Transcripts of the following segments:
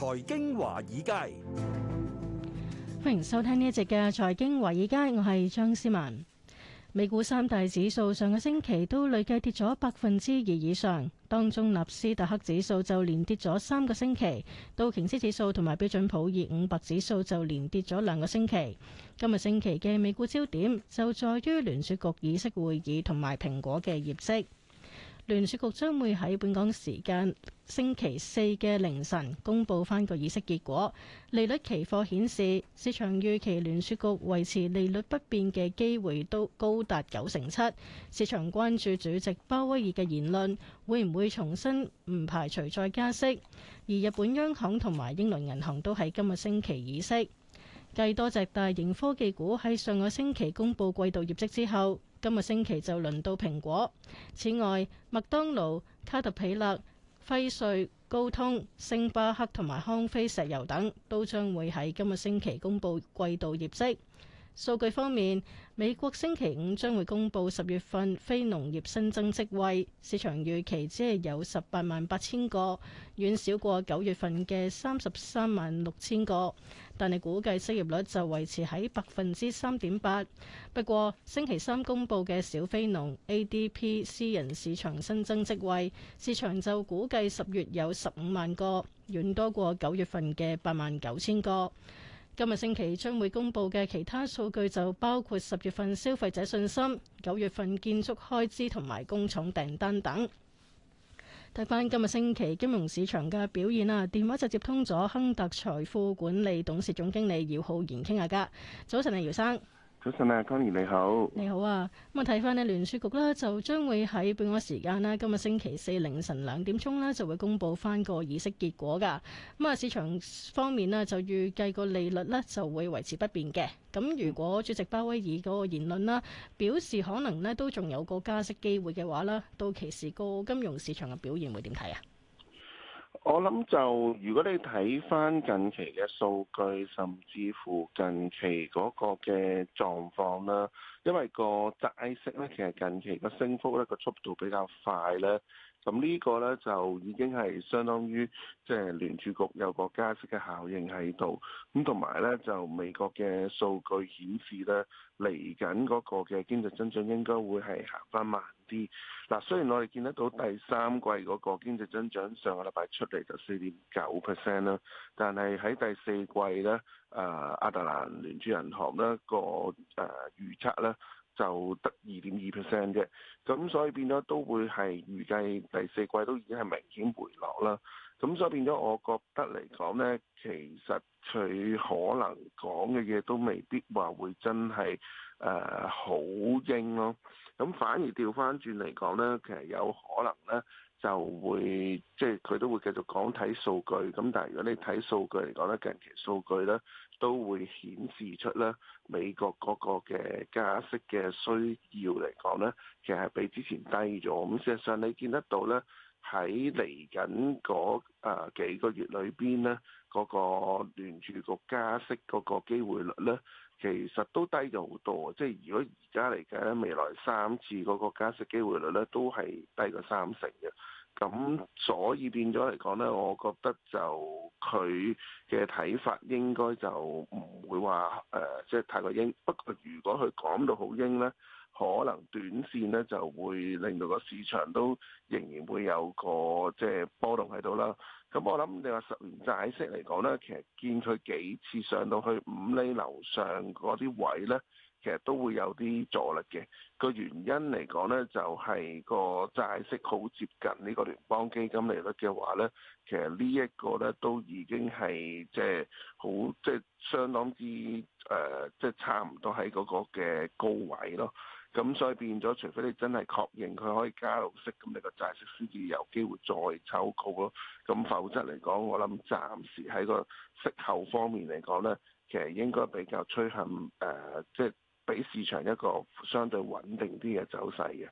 財經華爾街，歡迎收聽呢一集嘅財經華爾街，我係張思文。美股三大指數上個星期都累計跌咗百分之二以上，當中納斯達克指數就連跌咗三個星期，道瓊斯指數同埋標準普爾五百指數就連跌咗兩個星期。今日星期嘅美股焦點就在於聯儲局議息會議同埋蘋果嘅業績。聯儲局將會喺本港時間星期四嘅凌晨公布翻個議息結果，利率期貨顯示市場預期聯儲局維持利率不變嘅機會都高達九成七。市場關注主席鮑威爾嘅言論會唔會重新唔排除再加息，而日本央行同埋英倫銀行都喺今個星期議息。繼多隻大型科技股喺上個星期公布季度業績之後，今個星期就輪到蘋果。此外，麥當勞、卡特彼勒、輝瑞、高通、星巴克同埋康菲石油等都將會喺今個星期公布季度業績。數據方面，美國星期五將會公布十月份非農業新增職位，市場預期只係有十八萬八千個，遠少過九月份嘅三十三萬六千個。但係估計失業率就維持喺百分之三點八。不過，星期三公佈嘅小非農 ADP 私人市場新增職位市場就估計十月有十五萬個，遠多過九月份嘅八萬九千個。今日星期將會公佈嘅其他數據就包括十月份消費者信心、九月份建築開支同埋工廠訂單等。睇翻今日星期金融市場嘅表現啊，電話就接通咗亨特財富管理董事總經理姚浩然傾下㗎。早晨啊，姚生。早晨啊 Connie，你好。你好啊，咁啊睇翻咧，聯儲局啦，就將會喺半個時間啦，今日星期四凌晨兩點鐘咧就會公布翻個議息結果噶。咁啊，市場方面咧就預計個利率咧就會維持不變嘅。咁如果主席鮑威爾嗰個言論啦，表示可能咧都仲有個加息機會嘅話啦，到期時個金融市場嘅表現會點睇啊？我諗，就如果你睇翻近期嘅數據，甚至乎近期嗰個嘅狀況啦，因為個債息咧，其實近期個升幅咧，個速度比較快咧。咁呢個呢，就已經係相當於即係、就是、聯儲局有個加息嘅效應喺度，咁同埋呢，就美國嘅數據顯示呢，嚟緊嗰個嘅經濟增長應該會係行翻慢啲。嗱，雖然我哋見得到第三季嗰個經濟增長上個禮拜出嚟就四點九 percent 啦，但係喺第四季呢，誒亞特蘭聯儲銀行呢、嗰個誒、啊、預測呢。就得二點二 percent 嘅，咁所以變咗都會係預計第四季都已經係明顯回落啦。咁所以變咗，我覺得嚟講呢，其實佢可能講嘅嘢都未必話會真係誒好應咯。咁反而調翻轉嚟講呢，其實有可能呢。就會即係佢都會繼續講睇數據咁。但係如果你睇數據嚟講咧，近期數據咧都會顯示出咧美國嗰個嘅加息嘅需要嚟講咧，其實係比之前低咗。咁事實上你見得到咧，喺嚟緊嗰啊幾個月裏邊咧，嗰個聯儲局加息嗰個機會率咧，其實都低咗好多。即係如果而家嚟講咧，未來三次嗰個加息機會率咧，都係低過三成嘅。咁所以變咗嚟講咧，我覺得就佢嘅睇法應該就唔會話誒，即、呃、係、就是、太過鷹。不過如果佢講到好鷹咧，可能短線咧就會令到個市場都仍然會有個即係、就是、波動喺度啦。咁我諗你話十年債息嚟講咧，其實見佢幾次上到去五厘樓上嗰啲位咧。其實都會有啲阻力嘅，個原因嚟講咧，就係、是、個債息好接近呢個聯邦基金利率嘅話咧，其實呢一個咧都已經係即係好即係相當之誒、呃，即係差唔多喺嗰個嘅高位咯。咁所以變咗，除非你真係確認佢可以加入息，咁你個債息先至有機會再抽高咯。咁否則嚟講，我諗暫時喺個息後方面嚟講咧，其實應該比較趨向誒，即係。俾市場一個相對穩定啲嘅走勢嘅。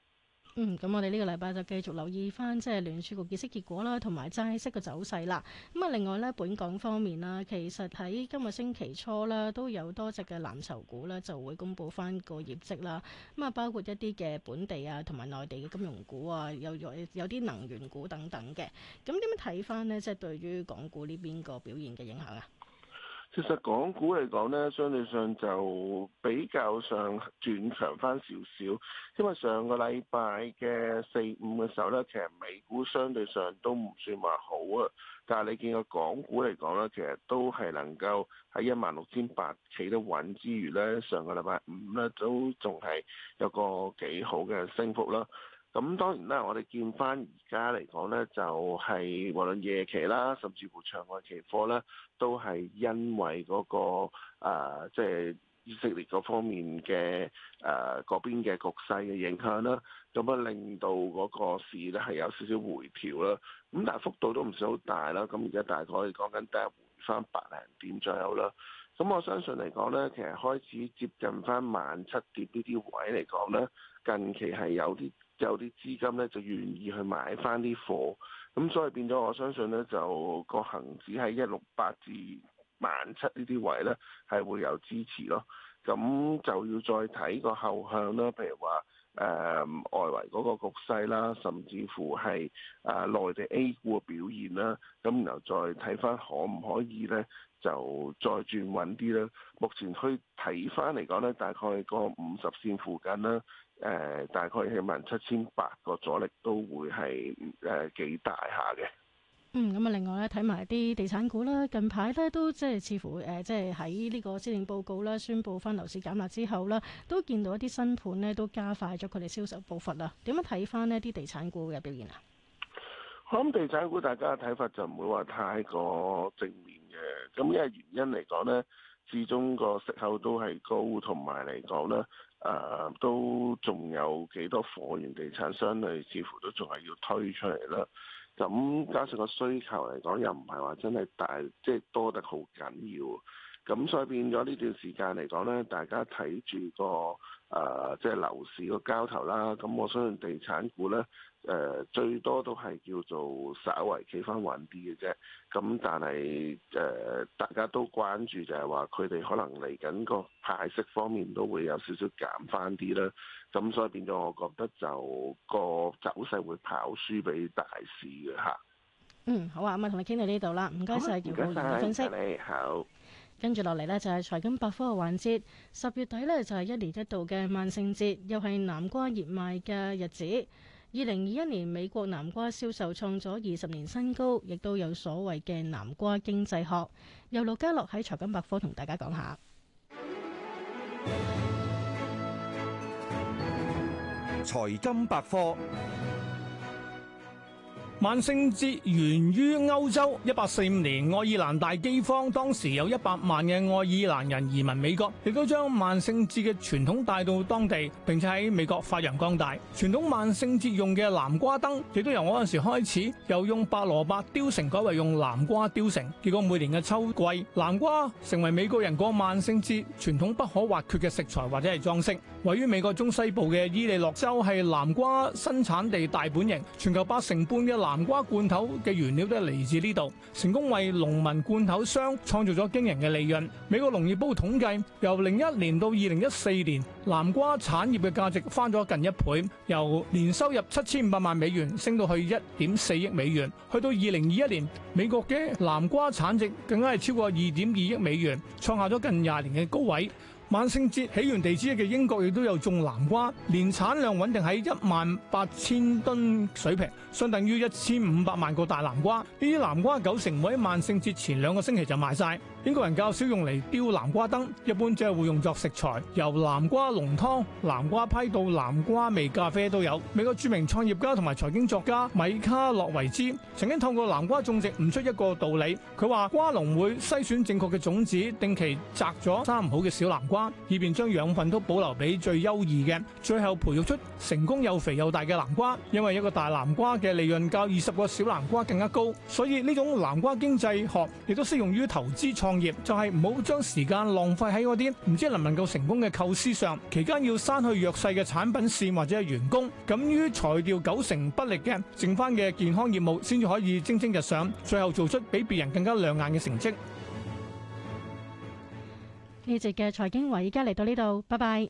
嗯，咁我哋呢個禮拜就繼續留意翻，即係聯儲局結息結果啦，同埋債息嘅走勢啦。咁啊，另外咧，本港方面啦，其實喺今日星期初啦，都有多隻嘅藍籌股咧就會公布翻個業績啦。咁啊，包括一啲嘅本地啊，同埋內地嘅金融股啊，有有啲能源股等等嘅。咁點樣睇翻呢？即係對於港股呢邊個表現嘅影響啊？其實港股嚟講呢，相對上就比較上轉強翻少少，因為上個禮拜嘅四五嘅時候咧，其實美股相對上都唔算話好啊。但係你見個港股嚟講呢，其實都係能夠喺一萬六千八企得穩之餘呢，上個禮拜五呢，都仲係有個幾好嘅升幅啦。咁當然啦，我哋見翻而家嚟講咧，就係、是、無論夜期啦，甚至乎場外期貨咧，都係因為嗰、那個即係、呃就是、以色列嗰方面嘅啊嗰邊嘅局勢嘅影響啦。咁啊，令到嗰個市咧係有少少回調啦。咁但係幅度都唔算好大啦。咁而家大概講緊，大概回翻百零點左右啦。咁我相信嚟講咧，其實開始接近翻萬七點呢啲位嚟講咧，近期係有啲。有啲資金咧就願意去買翻啲貨，咁所以變咗我相信咧就個恆指喺一六八至萬七呢啲位咧係會有支持咯。咁就要再睇個後向啦，譬如話誒、呃、外圍嗰個局勢啦，甚至乎係啊、呃、內地 A 股嘅表現啦，咁然後再睇翻可唔可以咧就再轉穩啲咧。目前去睇翻嚟講咧，大概個五十線附近啦。誒、呃，大概四萬七千八個阻力都會係誒、呃、幾大下嘅。嗯，咁啊，另外咧睇埋啲地產股啦，近排咧都即係似乎誒，即係喺呢個施政報告啦，宣布翻樓市減壓之後啦，都見到一啲新盤咧都加快咗佢哋銷售步伐啦。點樣睇翻呢啲地產股嘅表現啊？我諗地產股大家嘅睇法就唔會話太過正面嘅。咁因為原因嚟講咧，始終個息口都係高，同埋嚟講咧。嗯誒、呃、都仲有幾多貨源，地產商，佢似乎都仲係要推出嚟啦。咁加上個需求嚟講，又唔係話真係大，即、就、係、是、多得好緊要。咁所以變咗呢段時間嚟講咧，大家睇住個誒、呃，即係樓市個交投啦。咁、啊、我相信地產股咧，誒、呃、最多都係叫做稍為企翻穩啲嘅啫。咁但係誒、呃，大家都關注就係話佢哋可能嚟緊個派息方面都會有少少減翻啲啦。咁、啊、所以變咗，我覺得就個走勢會跑輸俾大市嘅嚇。嗯，好啊，咁啊，同你傾到呢度啦，唔該晒，姚浩宇先生。你，你好。跟住落嚟呢，就係財金百科嘅環節，十月底呢，就係一年一度嘅萬聖節，又係南瓜熱賣嘅日子。二零二一年美國南瓜銷售創咗二十年新高，亦都有所謂嘅南瓜經濟學。由盧嘉樂喺財金百科同大家講下。財金百科。萬聖節源於歐洲，一八四五年愛爾蘭大饑荒，當時有一百萬嘅愛爾蘭人移民美國，亦都將萬聖節嘅傳統帶到當地，並且喺美國發揚光大。傳統萬聖節用嘅南瓜燈，亦都由嗰陣時開始，又用白蘿蔔雕成改為用南瓜雕成。結果每年嘅秋季，南瓜成為美國人過萬聖節傳統不可或缺嘅食材或者係裝飾。位於美國中西部嘅伊利諾州係南瓜生產地大本營，全球八成半一南瓜罐頭嘅原料都係嚟自呢度，成功為農民罐頭商創造咗驚人嘅利潤。美國農業部統計，由零一年到二零一四年，南瓜產業嘅價值翻咗近一倍，由年收入七千五百萬美元升到去一點四億美元，去到二零二一年，美國嘅南瓜產值更加係超過二點二億美元，創下咗近廿年嘅高位。萬聖節起源地之一嘅英國，亦都有種南瓜，年產量穩定喺一萬八千噸水平，相等於一千五百萬個大南瓜。呢啲南瓜九成會喺萬聖節前兩個星期就賣晒。英國人較少用嚟雕南瓜燈，一般只係會用作食材，由南瓜濃湯、南瓜批到南瓜味咖啡都有。美國著名創業家同埋財經作家米卡洛維茲曾經透過南瓜種植悟出一個道理，佢話瓜農會篩選正確嘅種子，定期摘咗生唔好嘅小南瓜，以便將養分都保留俾最優異嘅，最後培育出成功又肥又大嘅南瓜。因為一個大南瓜嘅利潤較二十個小南瓜更加高，所以呢種南瓜經濟學亦都適用於投資創業，就係唔好將時間浪費喺嗰啲唔知能唔能夠成功嘅構思上，期間要刪去弱勢嘅產品線或者係員工，敢於裁掉九成不力嘅，剩翻嘅健康業務先至可以蒸蒸日上，最後做出比別人更加亮眼嘅成績。呢節嘅財經華，而家嚟到呢度，拜拜。